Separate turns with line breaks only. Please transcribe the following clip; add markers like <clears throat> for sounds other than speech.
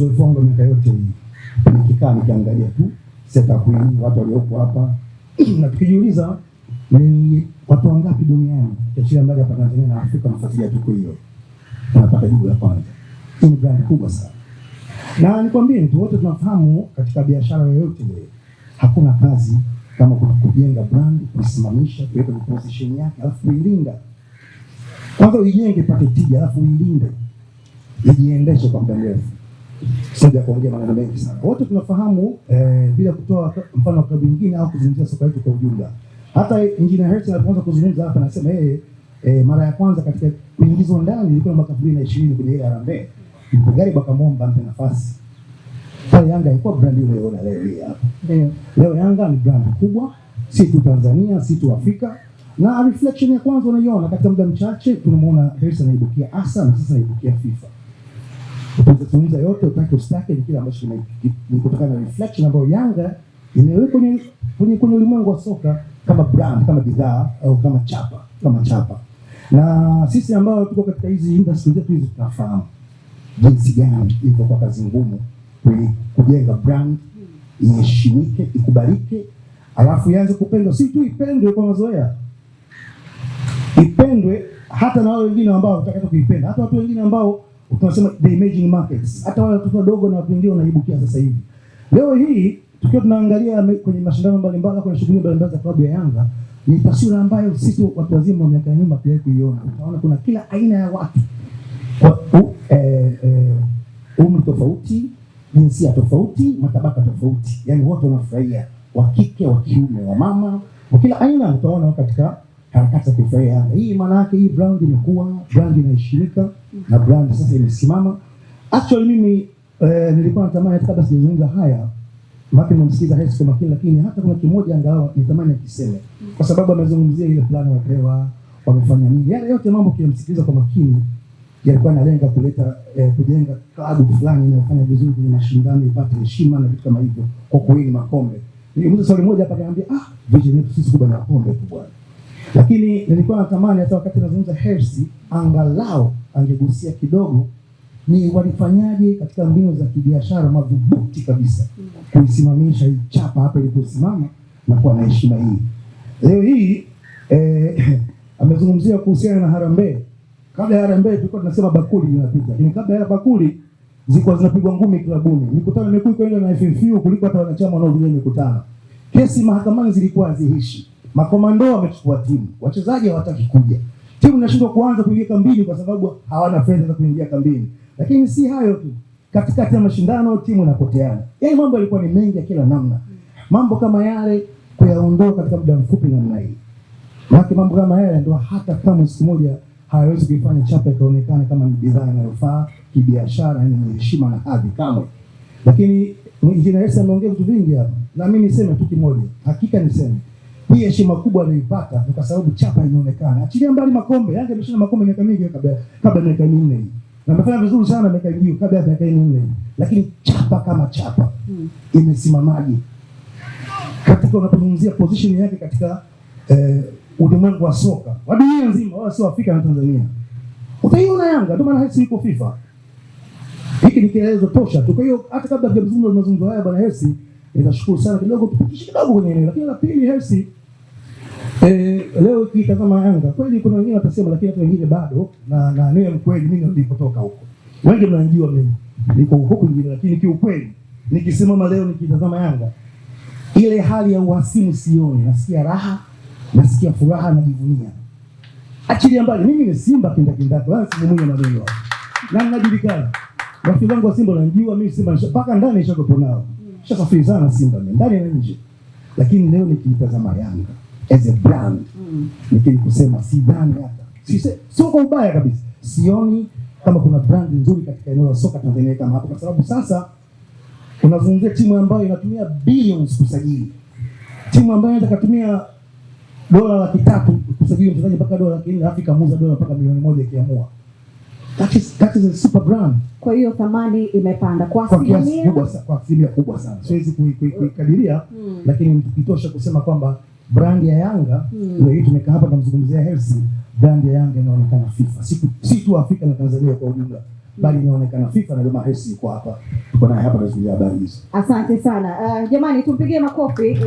Uzoefu wangu miaka yote nikikaa nikiangalia tu setup hii, watu waliopo hapa <clears throat> na tukijiuliza ni watu wangapi duniani kiachilia mbali hapa Tanzania na Afrika wanafuatilia tuko hiyo, tunapata jibu la kwanza. Hii ni brand kubwa sana, na nikwambie tu, wote tunafahamu katika biashara yoyote ile hakuna kazi kama kujenga brand, kuisimamisha, kuweka position yake, alafu kuilinda. Kwanza uijenge, ipate tija, alafu uilinde, ijiendeshe kwa muda mrefu sija kuongea maneno mengi sana. Wote tunafahamu eh, bila kutoa mfano wa klabu nyingine au kuzungumzia soka letu kwa ujumla. Hata Injinia Hersi alipoanza kuzungumza hapa anasema yeye eh, mara ya kwanza katika kuingizwa ndani ilikuwa mwaka 2020 kwenye ile Harambee. Mpigari bakamwomba mpe nafasi. Kwa Yanga ilikuwa brandi ile unaona leo hii hapa. Leo Yanga ni brandi kubwa, si tu Tanzania, si tu Afrika. Na reflection ya kwanza unaiona katika muda mchache tunamwona Hersi anaibukia ASA na sasa anaibukia FIFA utazungumza yote, utaki ustake, ni kile ambacho ni kutokana na reflection ambayo Yanga imeweka kwenye kwenye kwenye ulimwengu wa soka kama brand, kama bidhaa au kama chapa, kama chapa. Na sisi ambao tuko katika hizi industry zetu hizi tunafahamu jinsi gani iko kwa kazi ngumu kujenga brand iheshimike, ikubalike, alafu ianze kupendwa, si tu ipendwe kwa mazoea, ipendwe hata er na wale wengine ambao watakata kuipenda, hata er watu wengine ambao tunasema the emerging markets. Hata wale watoto wadogo na watu wengine wanaibukia sasa hivi. Leo hii tukiwa tunaangalia kwenye mashindano mbalimbali, kuna shughuli mbalimbali za klabu ya Yanga, ni taswira ambayo sisi watu wazima wa miaka ya nyuma pia kuiona. Utaona kuna kila aina ya watu kwa eh, eh, umri tofauti, jinsia tofauti, matabaka tofauti, yaani wote wanafurahia, wa kike, wa kiume, wa mama, wa kila aina, utaona katika harakati za kuifurahia Hii maana yake hii brand imekuwa brand inaheshimika na brand sasa imesimama. Actually mimi eh, nilikuwa natamani hata kabla sijazungumza haya Maki nimemsikiza Hersi kwa makini, lakini hata kuna kimoja angalau nitamani akiseme, kwa sababu amezungumzia ile plani wapewa wamefanya nini, yale yote mambo kiyamsikiliza kwa makini yalikuwa analenga kuleta eh, kujenga klabu fulani inayofanya vizuri kwenye mashindano ipate heshima na vitu kama hivyo, kwa kuwini makombe. Nilimuuliza swali moja, hapa kaambia, ah, vision yetu sisi kubwa na makombe tu bwana lakini nilikuwa natamani hata wakati nazungumza Hersi angalau angegusia kidogo ni walifanyaje katika mbinu za kibiashara madhubuti kabisa kuisimamisha hii chapa hapa iliposimama na kuwa na heshima hii. Leo hii eh, <clears throat> amezungumzia kuhusiana na harambee. Kabla ya harambee tulikuwa tunasema bakuli linapita, lakini kabla ya bakuli zilikuwa zinapigwa ngumi klabuni. Mikutano imekuwa ikaenda na FFU kuliko hata wanachama wanaohudhuria mikutano. Kesi mahakamani zilikuwa haziishi. Makomando wamechukua timu, wachezaji hawataki kuja, timu inashindwa kuanza kuingia kambini kwa sababu hawana fedha za kuingia kambini. Lakini si hayo tu, katikati ya mashindano timu inapoteana, yaani mambo yalikuwa ni mengi ya kila namna. Mambo kama yale kuyaondoa katika muda mfupi namna hii, maana mambo kama yale ndio hata kama siku moja hayawezi kuifanya chapa ikaonekana kama ni bidhaa inayofaa kibiashara, yaani ni heshima na hadhi kamwe. Lakini mwingine Yesu ameongea vitu vingi hapa, na mimi niseme tu kimoja, hakika niseme hii heshima kubwa aliyoipata ni kwa sababu chapa inaonekana. Achilia mbali makombe, Yanga imeshinda makombe miaka mingi kabla kabla miaka minne hii. Na amefanya vizuri sana miaka hiyo kabla ya miaka minne. Lakini chapa kama chapa hmm, imesimamaje? Katika unapozungumzia position yake katika eh, ulimwengu wa soka. Wa dunia nzima, wao sio Afrika na Tanzania. Utaiona Yanga ndio maana Hersi iko FIFA. Hiki ni kielezo tosha tu. Kwa hiyo hata kabla ya kuzungumza mazungumzo haya bwana Hersi Nikashukuru sana kidogo kidogo kwenye eneo. Lakini la pili hesi eh, leo ukitazama Yanga kweli kuna wengine watasema, lakini watu wengine bado na na niwe mkweli, mimi nilipotoka huko. Wengi mnanijua mimi. Niko huko kwingine, lakini kiukweli nikisimama leo nikitazama Yanga ile hali ya uhasimu sioni, nasikia raha, nasikia furaha na jivunia. Achilia mbali mimi ni Simba kinda kinda, wala si mwenye maneno. Na ninajulikana. Rafiki zangu wa Simba wanajua mimi Simba mpaka ndani nishakopo nao shakafilizana na Simba ndani na nje, lakini leo nikiitazama Yanga as a brand mm. kusema si brand hata sio kwa ubaya kabisa, sioni kama kuna brand nzuri katika eneo la soka Tanzania kama hapo, kwa sababu sasa unazungumzia timu ambayo inatumia billions kusajili, timu ambayo inaweza kutumia dola laki tatu kusajili mchezaji mpaka dola laki nne, Afrika muuza dola mpaka milioni moja ikiamua. That is, that is a super brand. Kwa hiyo thamani imepanda kwa asilimia kubwa sana, kwa asilimia kubwa sana. Siwezi kuikadiria hmm. Lakini itosha kusema kwamba brand ya Yanga mm. hii tumekaa hapa tunamzungumzia Hersi, brand ya Yanga inaonekana FIFA, si tu Afrika na Tanzania kwa ujumla bali inaonekana FIFA na jamaa Hersi yuko hapa, tuko naye hapa tunazungumzia habari hizi Asante sana. Uh, jamani tumpigie makofi.